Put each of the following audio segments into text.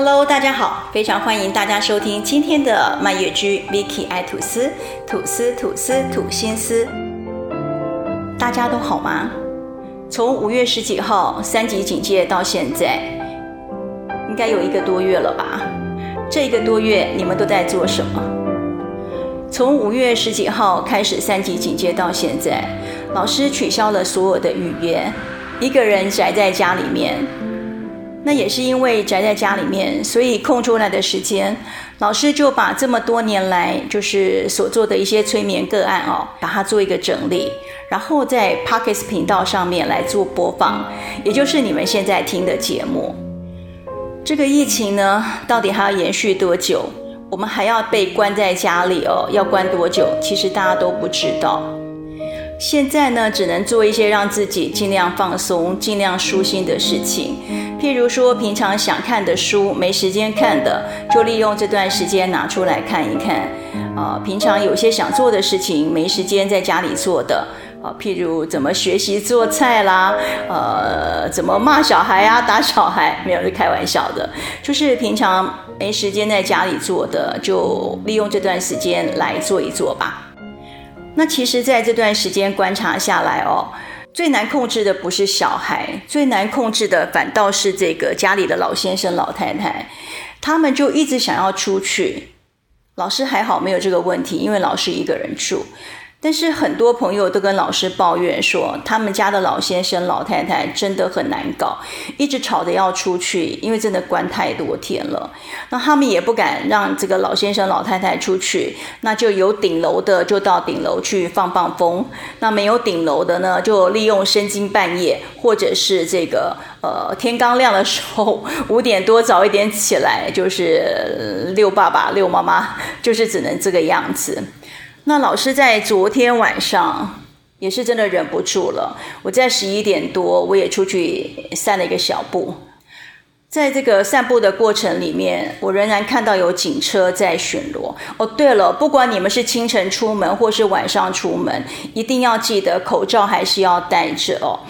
Hello，大家好，非常歡迎大家收聽今天的《漫月居》Vicky 愛吐司，吐司吐司吐心思。大家都好嗎？從五月十幾號三級警戒到現在，應該有一個多月了吧？這一個多月你們都在做什麼？從五月十幾號開始三級警戒到現在，老師取消了所有的預約，一個人宅在家裡面。那也是因為宅在家裡面，所以空出來的時間，老師就把這麼多年來就是所做的一些催眠個案哦，把它做一個整理，然後在 Podcast 頻道上面來做播放，也就是你們現在聽的節目。這個疫情呢，到底還要延續多久？我們還要被關在家裡哦，要關多久？其實大家都不知道。現在呢，只能做一些讓自己盡量放鬆、盡量舒心的事情。譬如說，平常想看的書沒時間看的，就利用這段時間拿出來看一看。啊、呃，平常有些想做的事情沒時間在家裡做的，呃，譬如怎麼學習做菜啦，呃，怎麼罵小孩啊、打小孩，沒有，是開玩笑的，就是平常沒時間在家裡做的，就利用這段時間來做一做吧。那其實在這段時間觀察下來哦，最難控制的不是小孩，最難控制的反倒是這個家裡的老先生、老太太，他們就一直想要出去。老師還好沒有這個問題，因為老師一個人住。但是很多朋友都跟老師抱怨說，他們家的老先生、老太太真的很難搞，一直吵着要出去，因為真的關太多天了。那他們也不敢讓這個老先生、老太太出去，那就有頂樓的就到頂樓去放放風，那沒有頂樓的呢，就利用深更半夜或者是這個呃天剛亮的時候，五點多早一點起來，就是遛爸爸、遛媽媽，就是只能這個樣子。那老師在昨天晚上也是真的忍不住了。我在十一點多，我也出去散了一個小步。在這個散步的過程裡面，我仍然看到有警車在巡邏。哦，對了，不管你們是清晨出門或是晚上出門，一定要記得口罩還是要戴着哦。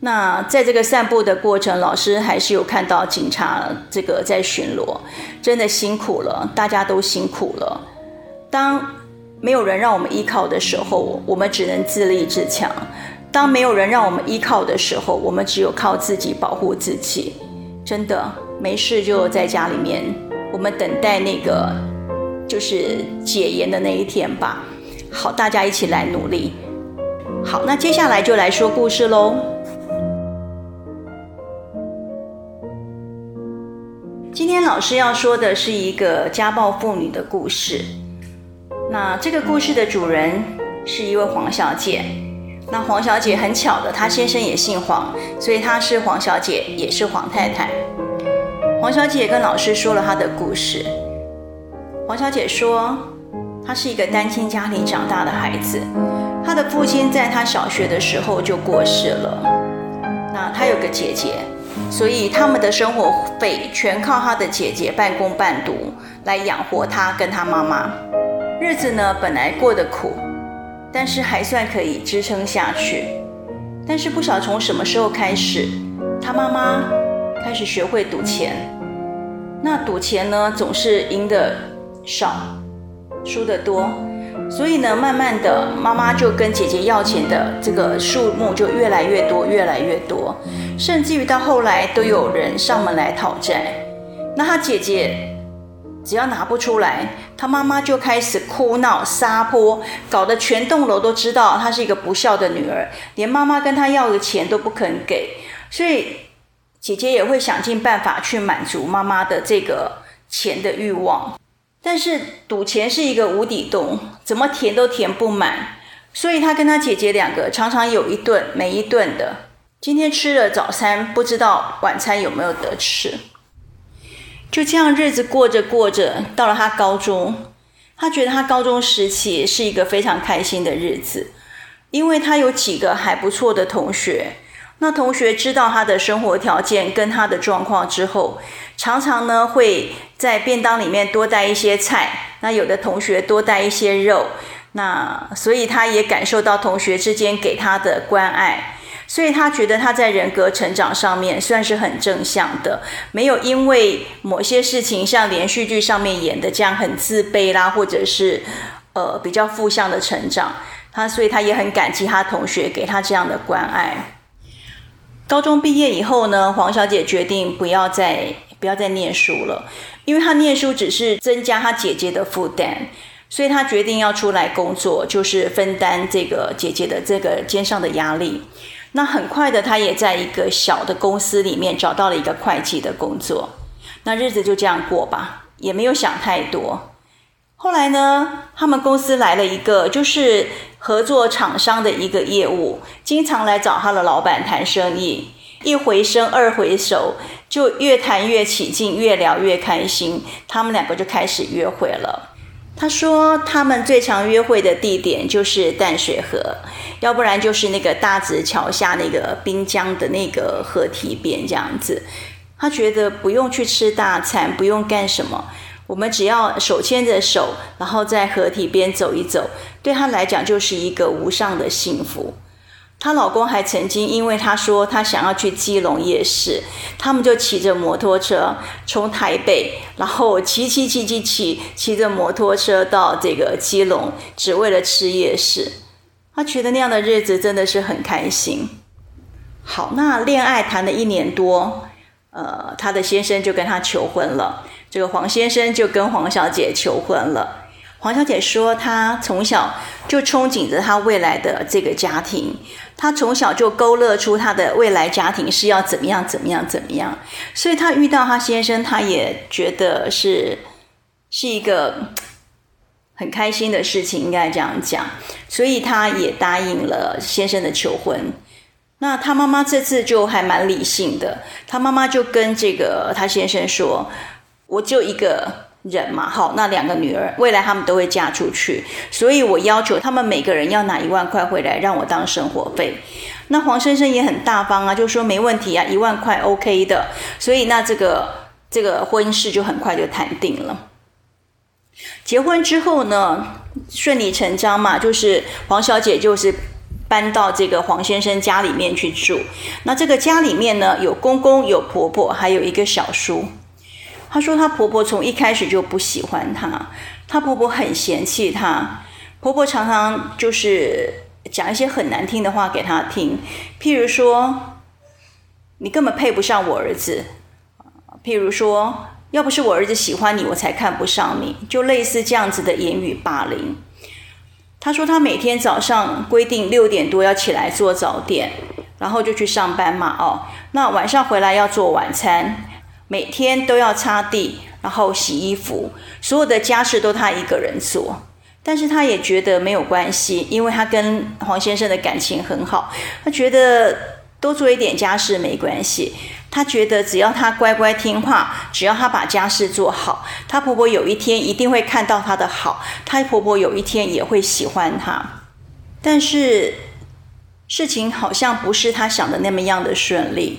那在這個散步的過程，老師還是有看到警察這個在巡邏，真的辛苦了，大家都辛苦了。當沒有人讓我們依靠的時候，我們只能自立自強。當沒有人讓我們依靠的時候，我們只有靠自己保護自己。真的，沒事就在家裡面，我們等待那個就是解嚴的那一天吧。好，大家一起來努力。好，那接下來就來說故事嘍。今天老師要說的是一個家暴婦女的故事。那這個故事的主人是一位黃小姐。那黃小姐很巧的，她先生也姓黃，所以她是黃小姐，也是黃太太。黃小姐跟老師說了她的故事。黃小姐說，她是一個單親家庭長大的孩子，她的父親在她小學的時候就過世了。那她有個姐姐，所以他們的生活費全靠她的姐姐半工半讀來養活她跟她媽媽。日子呢本來過得苦，但是還算可以支撐下去。但是不曉得從什麼時候開始，他媽媽開始學會賭錢。那賭錢呢總是贏得少，輸得多，所以呢慢慢的媽媽就跟姐姐要錢的這個數目就越來越多，越來越多，甚至於到後來都有人上門來討債。那他姐姐。只要拿不出來，她媽媽就開始哭鬧撒潑，搞得全棟樓都知道她是一個不孝的女兒，連媽媽跟她要的錢都不肯給，所以姐姐也會想盡辦法去滿足媽媽的這個錢的慾望。但是賭錢是一個無底洞，怎麼填都填不滿，所以她跟她姐姐兩個常常有一頓沒一頓的，今天吃了早餐，不知道晚餐有沒有得吃。就這樣日子過着過着，到了他高中，他覺得他高中時期是一個非常開心的日子，因為他有幾個還不錯的同學。那同學知道他的生活條件跟他的狀況之後，常常呢會在便當裡面多帶一些菜。那有的同學多帶一些肉，那所以他也感受到同學之間給他的關愛。所以他覺得他在人格成長上面算是很正向的，沒有因為某些事情像連續劇上面演的這樣很自卑啦，或者是呃比較負向的成長。他所以他也很感激他同學給他這樣的關愛。高中畢業以後呢，黃小姐決定不要再不要再念書了，因為她念書只是增加她姐姐的負擔，所以她決定要出來工作，就是分擔這個姐姐的這個肩上的壓力。那很快的，他也在一個小的公司裡面找到了一個會計的工作。那日子就這樣過吧，也沒有想太多。後來呢，他們公司來了一個就是合作廠商的一個業務，經常來找他的老闆談生意。一回生，二回熟，就越談越起勁，越聊越開心。他們兩個就開始約會了。他說，他們最常約會的地點就是淡水河，要不然就是那個大直橋下那個濱江的那個河堤邊這樣子。他覺得不用去吃大餐，不用幹什麼，我們只要手牽着手，然後在河堤邊走一走，對他來講就是一個無上的幸福。她老公還曾經因為她說她想要去基隆夜市，他們就騎着摩托車從台北，然後騎騎騎騎騎騎，騎，騎，騎，騎着摩托車到這個基隆，只為了吃夜市。她覺得那樣的日子真的是很開心。好，那戀愛談了一年多，呃，她的先生就跟她求婚了。這個黃先生就跟黃小姐求婚了。黃小姐說，她從小就憧憬着她未來的這個家庭。她從小就勾勒出她的未來家庭是要怎麼樣、怎麼樣、怎麼樣，所以她遇到她先生，她也覺得是是一個很開心的事情，應該這樣講，所以她也答應了先生的求婚。那她媽媽這次就還蠻理性的，她媽媽就跟這個她先生說：“我就一個。”人嘛，好，那兩個女兒未來他們都會嫁出去，所以我要求他們每個人要拿一萬塊回來讓我當生活費。那黃先生也很大方啊，就說沒問題啊，一萬塊 OK 的。所以那這個這個婚事就很快就談定了。結婚之後呢，順理成章嘛，就是黃小姐就是搬到這個黃先生家裡面去住。那這個家裡面呢，有公公、有婆婆，還有一個小叔。她說：“她婆婆從一開始就不喜歡她，她婆婆很嫌棄她，婆婆常常就是講一些很難聽的話給她聽，譬如說，你根本配不上我兒子，譬如說，要不是我兒子喜歡你，我才看不上你，就類似這樣子的言語霸凌。”她說：“她每天早上規定六點多要起來做早點，然後就去上班嘛，哦，那晚上回來要做晚餐。”每天都要擦地，然後洗衣服，所有的家事都他一個人做。但是他也覺得沒有關係，因為他跟黃先生的感情很好。他覺得多做一點家事沒關係。他覺得只要他乖乖聽話，只要他把家事做好，他婆婆有一天一定會看到他的好，他婆婆有一天也會喜歡他，但是事情好像不是他想的那麼樣的順利。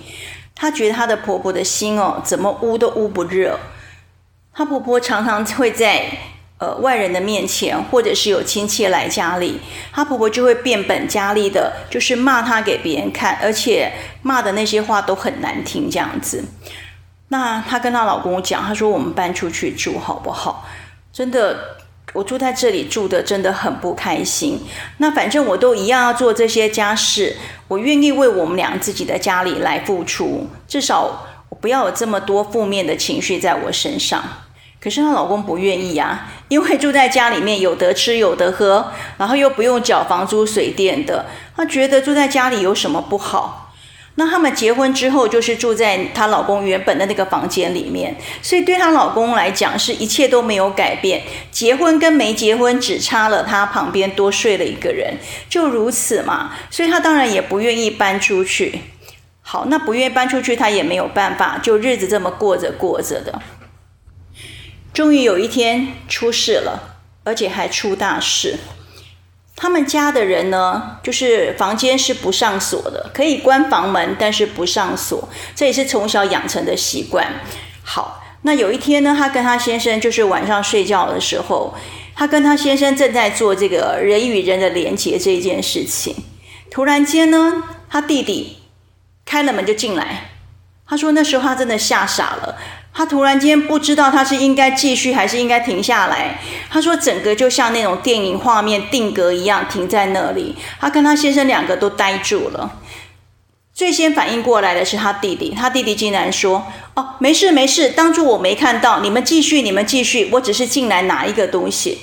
她覺得她的婆婆的心哦，怎麼捂都捂不熱。她婆婆常常會在呃外人的面前，或者是有親戚來家裡，她婆婆就會變本加厲的，就是罵她給別人看，而且罵的那些話都很難聽，這樣子。那她跟她老公講，她說，我們搬出去住好不好？真的。我住在這裡住的真的很不開心。那反正我都一樣要做這些家事，我願意為我們倆自己的家裡來付出。至少我不要有這麼多負面的情緒在我身上。可是她老公不願意啊，因為住在家裡面，有得吃有得喝，然後又不用繳房租水電的，他覺得住在家裡有什麼不好？那他們結婚之後，就是住在她老公原本的那個房間裡面，所以對她老公來講，是一切都沒有改變，結婚跟沒結婚只差了他旁邊多睡了一個人，就如此嘛。所以她當然也不願意搬出去。好，那不願意搬出去，她也沒有辦法，就日子這麼過着過着的。終於有一天出事了，而且還出大事。他們家的人呢，就是房間是不上鎖的，可以關房門，但是不上鎖，這也是從小養成的習慣。好，那有一天呢，她跟她先生就是晚上睡覺的時候，她跟她先生正在做這個人與人的連接這件事情，突然間呢，他弟弟開了門就進來，他說那時候他真的嚇傻了。他突然間不知道他是應該繼續還是應該停下來。他說：“整個就像那種電影畫面定格一樣，停在那裡。”他跟他先生兩個都呆住了。最先反應過來的是他弟弟，他弟弟竟然說：“哦，沒事沒事，當初我沒看到，你們繼續，你們繼續，我只是進來拿一個東西。”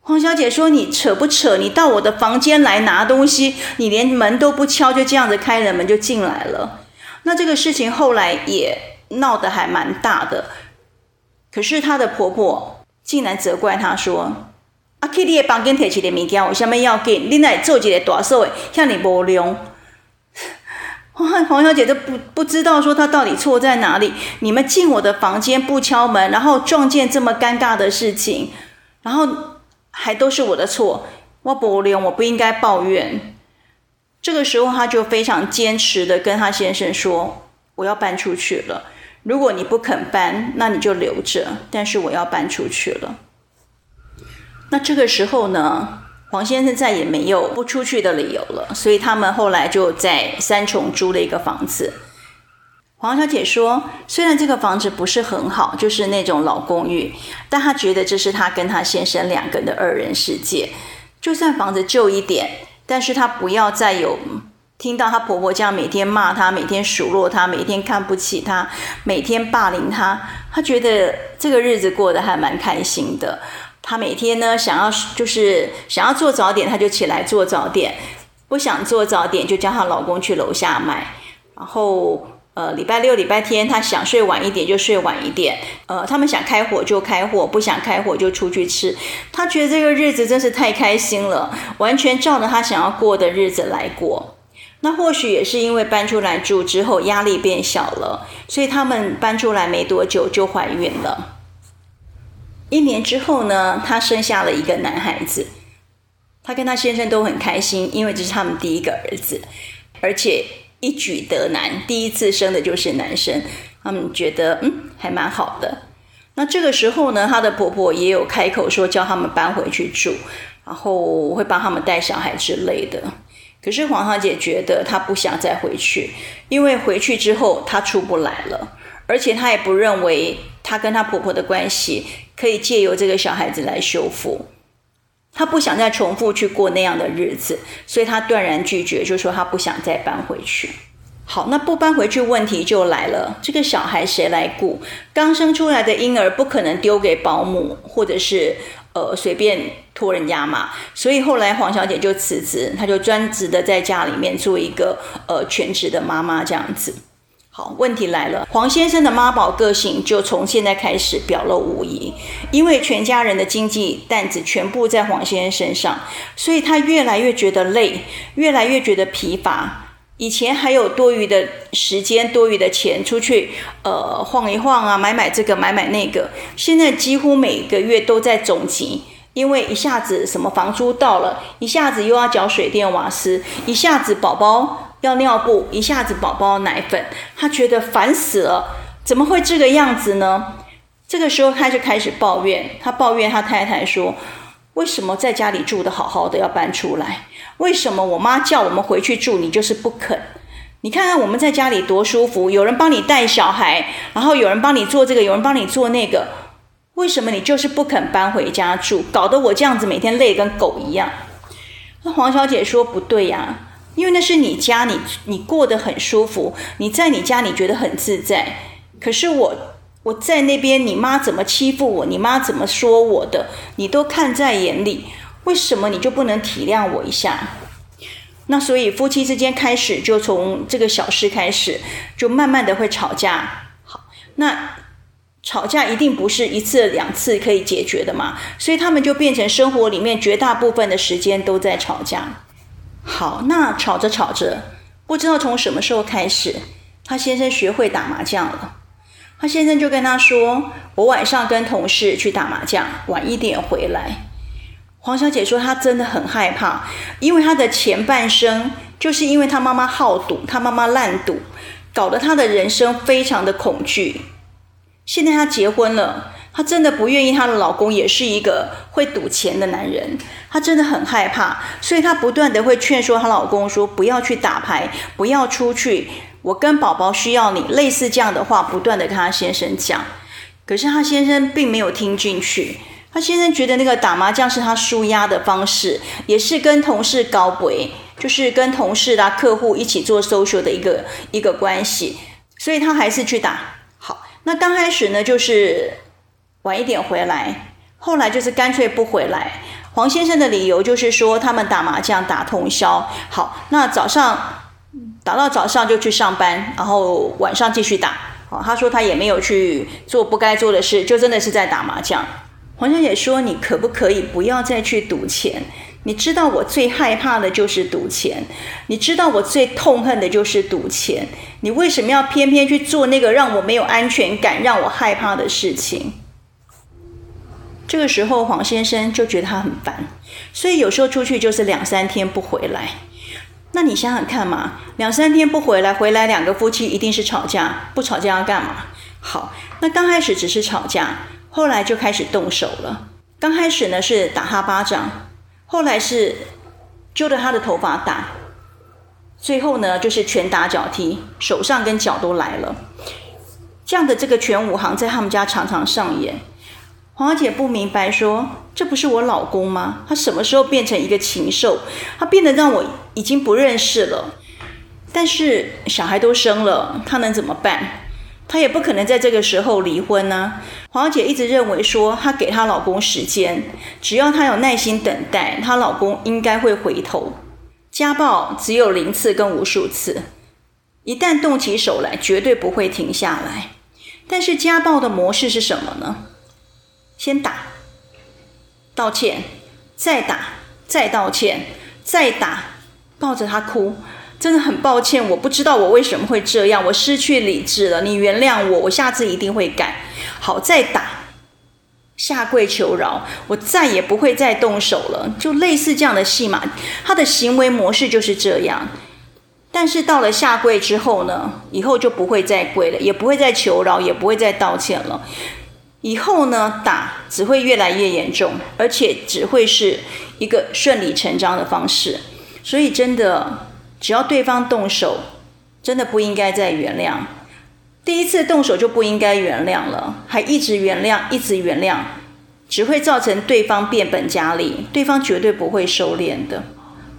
黃小姐說：“你扯不扯？你到我的房間來拿東西，你連門都不敲，就這樣子開了門就進來了。”那這個事情後來也。鬧得還蠻大的，可是她的婆婆竟然責怪她說：“阿 Kitty 幫跟鐵起你的明天我下面要給另外做幾個大手的，向你無良。”哇，黃小姐都不不知道說她到底錯在哪裡？你們進我的房間不敲門，然後撞見這麼尷尬的事情，然後還都是我的錯，我無良，我不應該抱怨。這個時候，她就非常堅持的跟她先生說：“我要搬出去了。”如果你不肯搬，那你就留着。但是我要搬出去了。那這個時候呢，黃先生再也沒有不出去的理由了。所以他們後來就在三重租了一個房子。黃小姐說，雖然這個房子不是很好，就是那種老公寓，但她覺得這是她跟她先生兩個人的二人世界。就算房子舊一點，但是她不要再有，聽到她婆婆這樣每天罵她，每天數落她，每天看不起她，每天霸凌她，她覺得這個日子過得還蠻開心的。她每天呢，想要就是想要做早點，她就起來做早點；不想做早點，就叫她老公去樓下買。然後，呃，禮拜六、禮拜天，她想睡晚一點就睡晚一點。呃，他們想開火就開火，不想開火就出去吃。她覺得這個日子真是太開心了，完全照着她想要過的日子來過。那或許也是因為搬出來住之後壓力變小了，所以他們搬出來沒多久就懷孕了。一年之後呢，她生下了一個男孩子，她跟她先生都很開心，因為這是他們第一個兒子，而且一舉得男，第一次生的就是男生，他們覺得嗯還蠻好的。那這個時候呢，她的婆婆也有開口說叫他們搬回去住，然後會幫他們帶小孩之類的。可是黃小姐覺得她不想再回去，因為回去之後她出不來了，而且她也不認為她跟她婆婆的關係可以借由這個小孩子來修復。她不想再重複去過那樣的日子，所以她斷然拒絕，就說她不想再搬回去。好，那不搬回去問題就來了，這個小孩誰來顧？剛生出來的嬰兒不可能丟給保姆，或者是。呃，隨便托人家嘛，所以後來黃小姐就辭職，她就專職的在家裡面做一個呃全職的媽媽這樣子。好，問題來了，黃先生的媽寶個性就從現在開始表露無遺，因為全家人的經濟擔子全部在黃先生身上，所以他越來越覺得累，越來越覺得疲乏。以前還有多餘的時間、多餘的錢出去，呃，晃一晃啊，買買這個，買買那個。現在幾乎每個月都在總結，因為一下子什麼房租到了，一下子又要繳水電瓦斯，一下子寶寶要尿布，一下子寶寶奶粉，他覺得煩死了。怎麼會這個樣子呢？這個時候他就開始抱怨，他抱怨他太太說。為什麼在家裡住得好好的要搬出來？為什麼我媽叫我們回去住，你就是不肯？你看看我們在家裡多舒服，有人幫你帶小孩，然後有人幫你做這個，有人幫你做那個，為什麼你就是不肯搬回家住？搞得我這樣子每天累跟狗一樣。那黃小姐說不對呀，因為那是你家你，你你過得很舒服，你在你家你覺得很自在。可是我。我在那邊，你媽怎麼欺負我？你媽怎麼說我的？你都看在眼裡，為什麼你就不能體諒我一下？那所以夫妻之間開始就從這個小事開始，就慢慢的會吵架。好，那吵架一定不是一次兩次可以解決的嘛，所以他們就變成生活裡面絕大部分的時間都在吵架。好，那吵着吵着，不知道從什麼時候開始，她先生學會打麻將了。她先生就跟她說：“我晚上跟同事去打麻將，晚一點回來。”黃小姐說：“她真的很害怕，因為她的前半生就是因為她媽媽好賭，她媽媽爛賭，搞得她的人生非常的恐懼。現在她結婚了，她真的不願意她的老公也是一個會賭錢的男人，她真的很害怕，所以她不斷的會勸說她老公說：不要去打牌，不要出去。”我跟寶寶需要你，類似這樣的話，不斷的跟他先生講，可是他先生並沒有聽進去。他先生覺得那個打麻將是他紓壓的方式，也是跟同事搞鬼，就是跟同事啦、客戶一起做 social 的一個一個關係，所以他還是去打。好，那剛開始呢，就是晚一點回來，後來就是乾脆不回來。黃先生的理由就是說，他們打麻將打通宵。好，那早上。打到早上就去上班，然後晚上繼續打。哦，他說他也沒有去做不該做的事，就真的是在打麻將。黃小姐說：“你可不可以不要再去賭錢？你知道我最害怕的就是賭錢，你知道我最痛恨的就是賭錢。你為什麼要偏偏去做那個讓我沒有安全感、讓我害怕的事情？”這個時候，黃先生就覺得他很煩，所以有時候出去就是兩三天不回來。那你想想看嘛，兩三天不回來，回來兩個夫妻一定是吵架，不吵架要幹嘛？好，那剛開始只是吵架，後來就開始動手了。剛開始呢，是打他巴掌，後來是揪着他的頭髮打，最後呢就是拳打腳踢，手上跟腳都來了。這樣的這個全武行在他們家常常上演。黃小姐不明白說，說這不是我老公嗎？他什麼時候變成一個禽獸？他變得讓我已經不認識了。但是小孩都生了，他能怎麼辦？她也不可能在這個時候離婚呢、啊。黃小姐一直認為說，她給她老公時間，只要她有耐心等待，她老公應該會回頭。家暴只有零次跟無數次，一旦動起手來，絕對不會停下來。但是家暴的模式是什麼呢？先打，道歉，再打，再道歉，再打，抱着他哭，真的很抱歉，我不知道我為什麼會這樣，我失去理智了。你原諒我，我下次一定會改。好，再打，下跪求饒，我再也不會再動手了。就類似這樣的戲碼，他的行為模式就是這樣。但是到了下跪之後呢，以後就不會再跪了，也不會再求饒，也不會再道歉了。以後呢，打只會越來越嚴重，而且只會是一個順理成章的方式。所以，真的，只要對方動手，真的不應該再原諒。第一次動手就不應該原諒了，還一直原諒，一直原諒，只會造成對方變本加厲，對方絕對不會收斂的。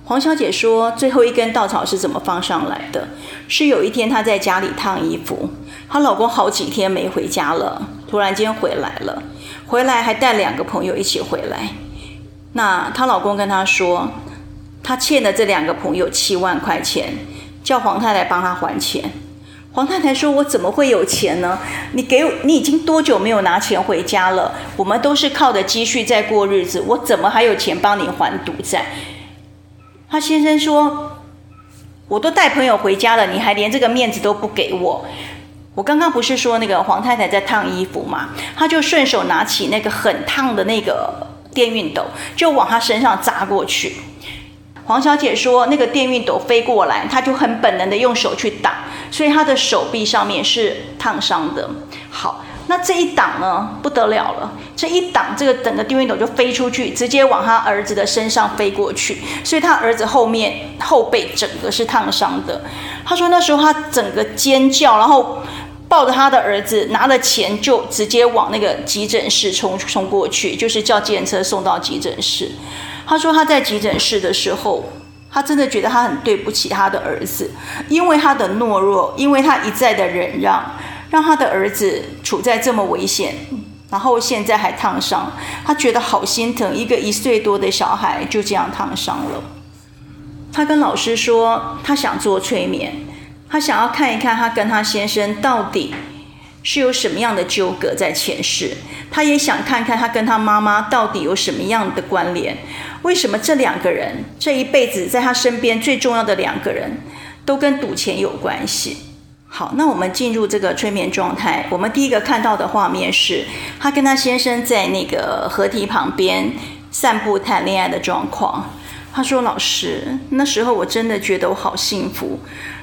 黃小姐說：“最後一根稻草是怎麼放上來的？是有一天她在家裡燙衣服，她老公好幾天沒回家了，突然間回來了，回來還帶兩個朋友一起回來。那她老公跟她說，他欠了這兩個朋友七萬塊錢，叫黃太太幫他還錢。黃太太說：‘我怎麼會有錢呢？你給我，你已經多久沒有拿錢回家了？我們都是靠着積蓄在過日子，我怎麼還有錢幫你還賭債？’”她先生說：“我都帶朋友回家了，你還連這個面子都不給我？我剛剛不是說那個黃太太在燙衣服嗎？她就順手拿起那個很燙的那個電熨斗，就往她身上砸過去。”黃小姐說：“那個電熨斗飛過來，她就很本能的用手去擋，所以她的手臂上面是燙傷的。”好。那這一檔呢，不得了了！這一檔這個整個電熨斗就飛出去，直接往他兒子的身上飛過去，所以他兒子後面後背整個是燙傷的。他說那時候他整個尖叫，然後抱着他的兒子，拿了錢就直接往那個急診室衝衝過去，就是叫計程車送到急診室。他說他在急診室的時候，他真的覺得他很對不起他的兒子，因為他的懦弱，因為他一再的忍讓。讓他的兒子處在這麼危險，然後現在還燙傷，他覺得好心疼。一個一歲多的小孩就這樣燙傷了。他跟老師說，他想做催眠，他想要看一看他跟他先生到底是有什麼樣的糾葛在前世。他也想看看他跟他媽媽到底有什麼樣的關聯。為什麼這兩個人這一輩子在他身邊最重要的兩個人，都跟賭錢有關係？好，那我們進入這個催眠狀態。我們第一個看到的畫面是，他跟他先生在那個河堤旁邊散步談戀愛的狀況。他說：“老師，那時候我真的覺得我好幸福。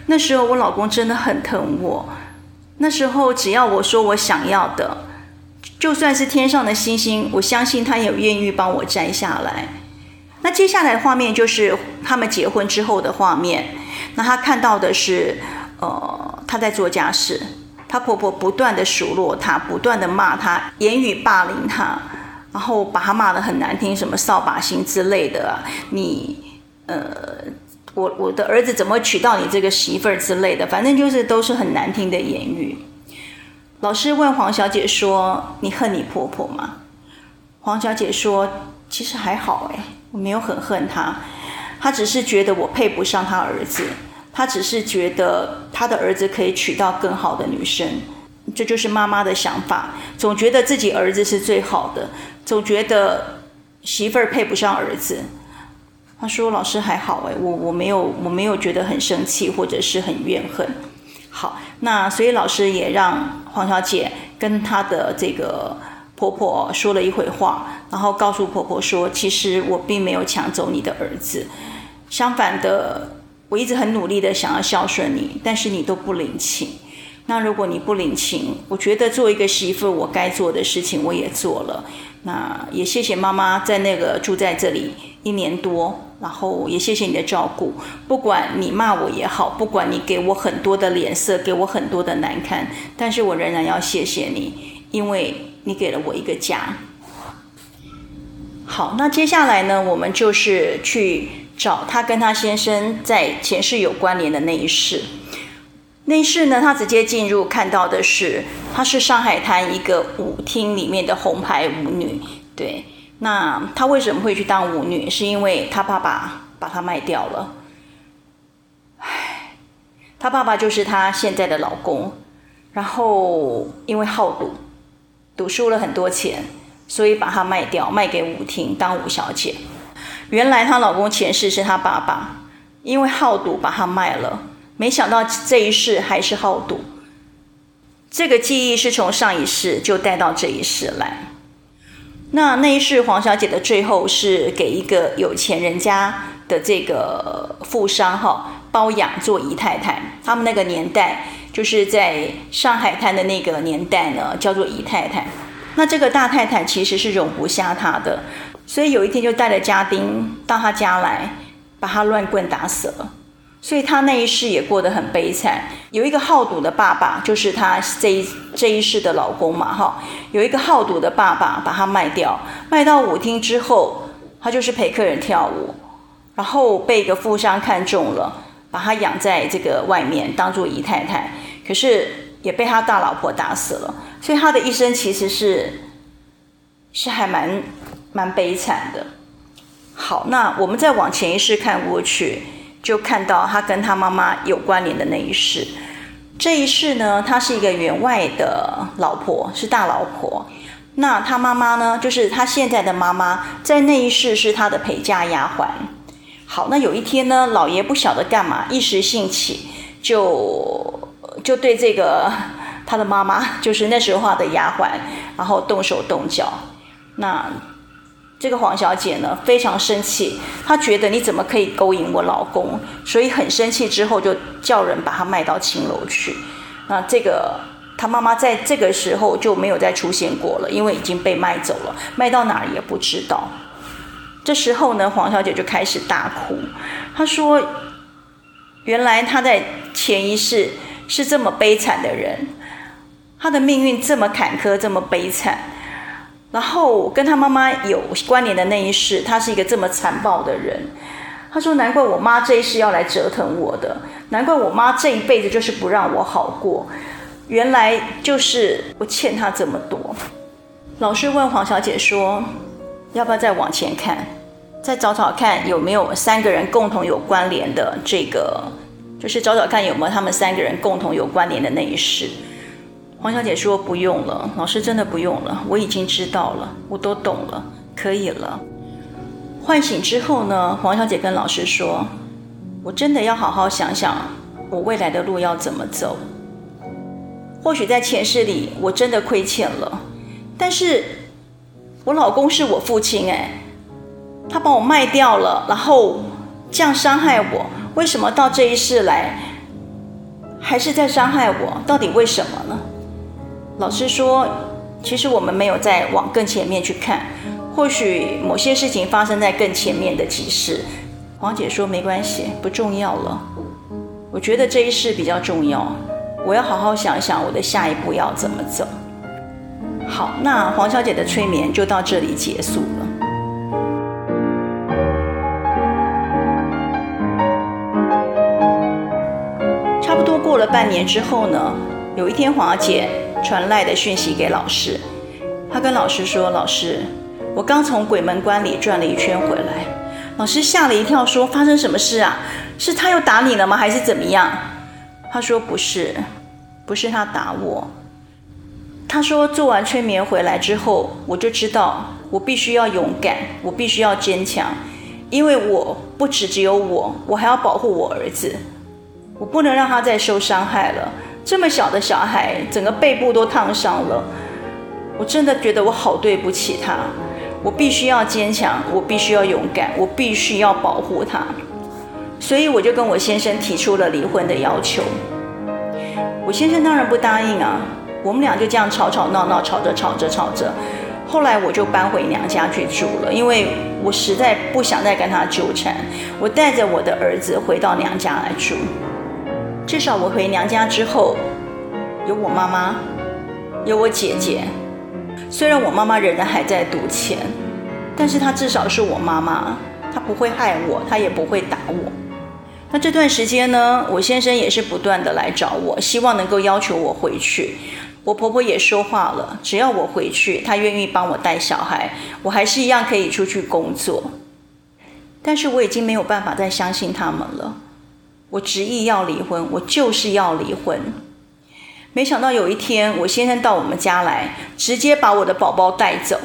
那時候我老公真的很疼我。那時候只要我說我想要的，就算是天上的星星，我相信他也願意幫我摘下來。”那接下來的畫面就是他們結婚之後的畫面。那他看到的是，呃。她在做家事，她婆婆不斷的數落她，不斷的罵她，言語霸凌她，然後把她罵得很難聽，什麼掃把星之類的。你，呃，我我的兒子怎麼娶到你這個媳婦兒之類的，反正就是都是很難聽的言語。老師問黃小姐說：“你恨你婆婆嗎？”黃小姐說：“其實還好，誒，我沒有很恨她，她只是覺得我配不上她兒子。”他只是覺得他的兒子可以娶到更好的女生，這就是媽媽的想法。總覺得自己兒子是最好的，總覺得媳婦兒配不上兒子。他說：“老師還好誒，我我沒有我沒有覺得很生氣或者是很怨恨。”好，那所以老師也讓黃小姐跟她的這個婆婆說了一回話，然後告訴婆婆說：“其實我並沒有搶走你的兒子，相反的。”我一直很努力的想要孝順你，但是你都不領情。那如果你不領情，我覺得做一個媳婦，我該做的事情我也做了。那也謝謝媽媽在那個住在這裡一年多，然後也謝謝你的照顧。不管你罵我也好，不管你給我很多的臉色，給我很多的難堪，但是我仍然要謝謝你，因為你給了我一個家。好，那接下來呢，我們就是去。找他跟他先生在前世有關聯的那一世，那一世呢？他直接進入看到的是，他是上海灘一個舞廳裡面的紅牌舞女。對，那他為什麼會去當舞女？是因為他爸爸把她賣掉了。唉，他爸爸就是她現在的老公。然後因為好賭，賭輸了很多錢，所以把她賣掉，賣給舞廳當舞小姐。原來她老公前世是她爸爸，因為好賭把她賣了，沒想到這一世還是好賭。這個記憶是從上一世就帶到這一世來。那那一世黃小姐的最後是給一個有錢人家的這個富商哈包養做姨太太，他們那個年代就是在上海灘的那個年代呢，叫做姨太太。那這個大太太其實是容不下她的。所以有一天就帶着家丁到他家來，把他亂棍打死了。所以他那一世也過得很悲慘。有一個好賭的爸爸，就是他這一這一世的老公嘛，哈。有一個好賭的爸爸，把他賣掉，賣到舞廳之後，他就是陪客人跳舞，然後被一個富商看中了，把他養在這個外面，當作姨太太。可是也被他大老婆打死了。所以他的一生其實是是還蠻。蠻悲慘的。好，那我們再往前一世看過去，就看到他跟他媽媽有關聯的那一世。這一世呢，他是一個員外的老婆，是大老婆。那他媽媽呢，就是他現在的媽媽，在那一世是他的陪嫁丫鬟。好，那有一天呢，老爺不曉得幹嘛，一時興起就就對這個他的媽媽，就是那時候的丫鬟，然後動手動腳。那這個黃小姐呢，非常生氣，她覺得你怎麼可以勾引我老公？所以很生氣，之後就叫人把她賣到青樓去。那這個她媽媽在這個時候就沒有再出現過了，因為已經被賣走了，賣到哪兒也不知道。這時候呢，黃小姐就開始大哭，她說：“原來她在前一世是這麼悲慘的人，她的命運這麼坎坷，這麼悲慘。”然後跟他媽媽有關聯的那一世，他是一個這麼殘暴的人。他說：“難怪我媽這一世要來折騰我的，難怪我媽這一輩子就是不讓我好過。原來就是我欠她這麼多。”老師問黃小姐說：“要不要再往前看，再找找看有沒有三個人共同有關聯的？這個就是找找看有沒有他們三個人共同有關聯的那一世。”黃小姐說：“不用了，老師真的不用了，我已經知道了，我都懂了，可以了。”喚醒之後呢，黃小姐跟老師說：“我真的要好好想想，我未來的路要怎麼走。或許在前世裡我真的虧欠了，但是我老公是我父親哎，他把我賣掉了，然後這樣傷害我，為什麼到這一世來還是在傷害我？到底為什麼呢？”老師說：“其實我們沒有再往更前面去看，或許某些事情發生在更前面的幾世。”黃姐說：“沒關係，不重要了。”我覺得這一世比較重要，我要好好想一想我的下一步要怎麼走。好，那黃小姐的催眠就到這裡結束了。差不多過了半年之後呢，有一天黃小姐。傳 LINE 的訊息給老師，他跟老師說：“老師，我剛從鬼門關裡轉了一圈回來。”老師嚇了一跳，說：“發生什麼事啊？是他又打你了嗎？還是怎麼樣？”他說：“不是，不是他打我。”他說：“做完催眠回來之後，我就知道我必須要勇敢，我必須要堅強，因為我不止只有我，我還要保護我兒子，我不能讓他再受傷害了。”這麼小的小孩，整個背部都燙傷了，我真的覺得我好對不起他，我必須要堅強，我必須要勇敢，我必須要保護他，所以我就跟我先生提出了離婚的要求。我先生當然不答應啊，我們倆就這樣吵吵鬧鬧，吵着吵着吵着，後來我就搬回娘家去住了，因為我實在不想再跟他糾纏，我帶着我的兒子回到娘家來住。至少我回娘家之後，有我媽媽，有我姐姐。雖然我媽媽仍然還在賭錢，但是她至少是我媽媽，她不會害我，她也不會打我。那這段時間呢，我先生也是不斷的來找我，希望能夠要求我回去。我婆婆也說話了，只要我回去，她願意幫我帶小孩，我還是一樣可以出去工作。但是我已經沒有辦法再相信他們了。我執意要離婚，我就是要離婚。沒想到有一天，我先生到我們家來，直接把我的寶寶帶走，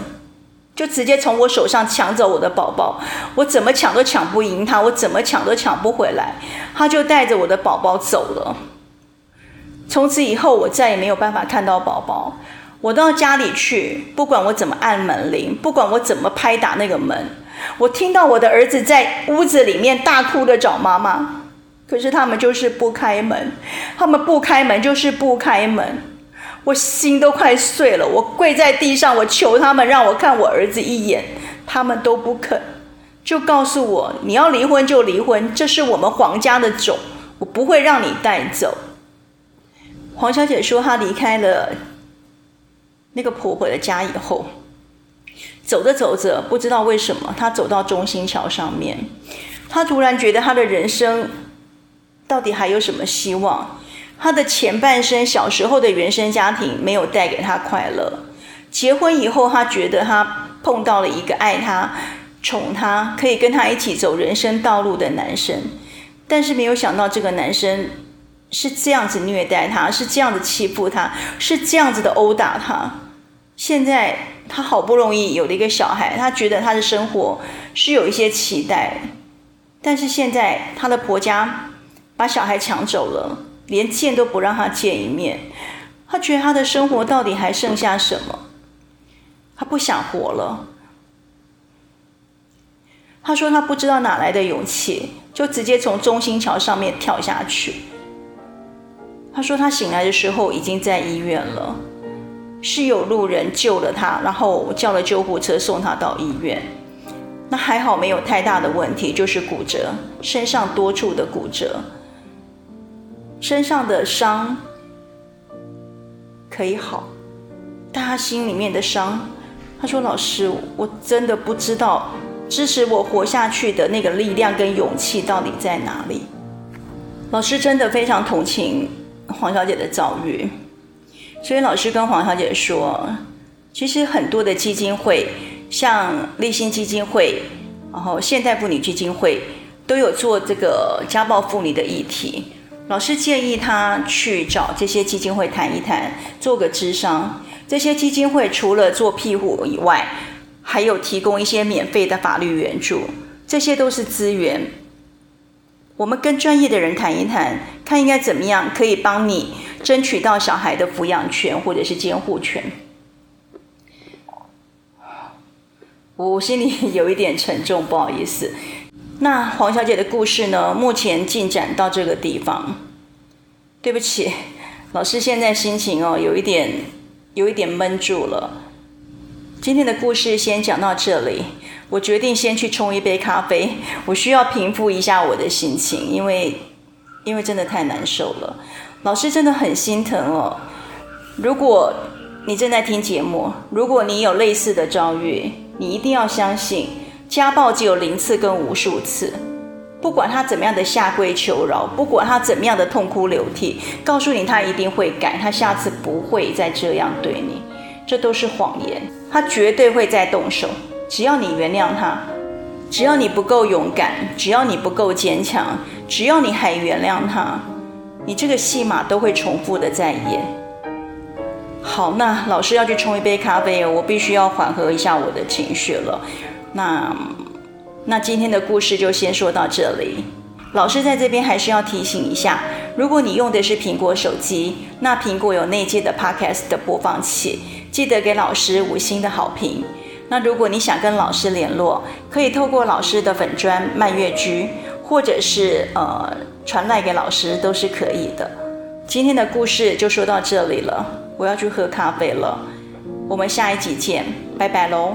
就直接從我手上搶走我的寶寶。我怎麼搶都搶不贏他，我怎麼搶都搶不回來，他就帶着我的寶寶走了。從此以後，我再也沒有辦法看到寶寶。我到家裡去，不管我怎麼按門鈴，不管我怎麼拍打那個門，我聽到我的兒子在屋子裡面大哭的找媽媽。可是他們就是不開門，他們不開門就是不開門，我心都快碎了。我跪在地上，我求他們讓我看我兒子一眼，他們都不肯，就告訴我，你要離婚就離婚，這是我們黃家的種，我不會讓你帶走。黃小姐說，她離開了那個婆婆的家以後，走着走着，不知道為什麼，她走到中心橋上面，她突然覺得她的人生到底還有什麼希望？他的前半生，小時候的原生家庭沒有帶給他快樂。結婚以後，他覺得他碰到了一個愛他、寵他、可以跟他一起走人生道路的男生，但是沒有想到這個男生是這樣子虐待他，是這樣子欺負他，是這樣子的毆打他。現在他好不容易有了一個小孩，他覺得他的生活是有一些期待，但是現在他的婆家。把小孩搶走了，連見都不讓他見一面。他覺得他的生活到底還剩下什麼？他不想活了。他說他不知道哪來的勇氣，就直接從中心橋上面跳下去。他說他醒來的時候已經在醫院了，是有路人救了他，然後叫了救護車送他到醫院。那還好沒有太大的問題，就是骨折，身上多處的骨折。身上的傷可以好，但他心裡面的傷，他說：“老師，我真的不知道支持我活下去的那個力量跟勇氣到底在哪裡。”老師真的非常同情黃小姐的遭遇，所以老師跟黃小姐說：“其實很多的基金會，像勵馨基金會，然後現代婦女基金會，都有做這個家暴婦女的議題。”老師建議他去找這些基金會談一談，做個諮商。這些基金會除了做庇護以外，還有提供一些免費的法律援助，這些都是資源。我們跟專業的人談一談，看應該怎麼樣可以幫你爭取到小孩的撫養權或者是監護權。我心裡有一點沉重，不好意思。那黃小姐的故事呢，目前進展到這個地方。對不起，老師，現在心情哦，有一點，有一點悶住了。今天的故事先講到這裡，我決定先去沖一杯咖啡，我需要平復一下我的心情，因為，因為真的太難受了。老師真的很心疼哦。如果你正在聽節目，如果你有類似的遭遇，你一定要相信，家暴只有零次跟無數次，不管他怎麼樣的下跪求饒，不管他怎麼樣的痛哭流涕，告訴你他一定會改，他下次不會再這樣對你，這都是謊言。他絕對會再動手，只要你原諒他，只要你不夠勇敢，只要你不夠堅強，只要你還原諒他，你這個戲碼都會重複的再演。好，那老師要去沖一杯咖啡，我必須要緩和一下我的情緒了。那那今天的故事就先說到這裡。老師在這邊還是要提醒一下，如果你用的是蘋果手機，那蘋果有內建的 Podcast 的播放器，記得給老師五星的好評。那如果你想跟老師聯絡，可以透過老師的粉專，蔓月居，或者是呃傳賴給老師都是可以的。今天的故事就說到這裡了，我要去喝咖啡了，我們下一集見，拜拜嘍。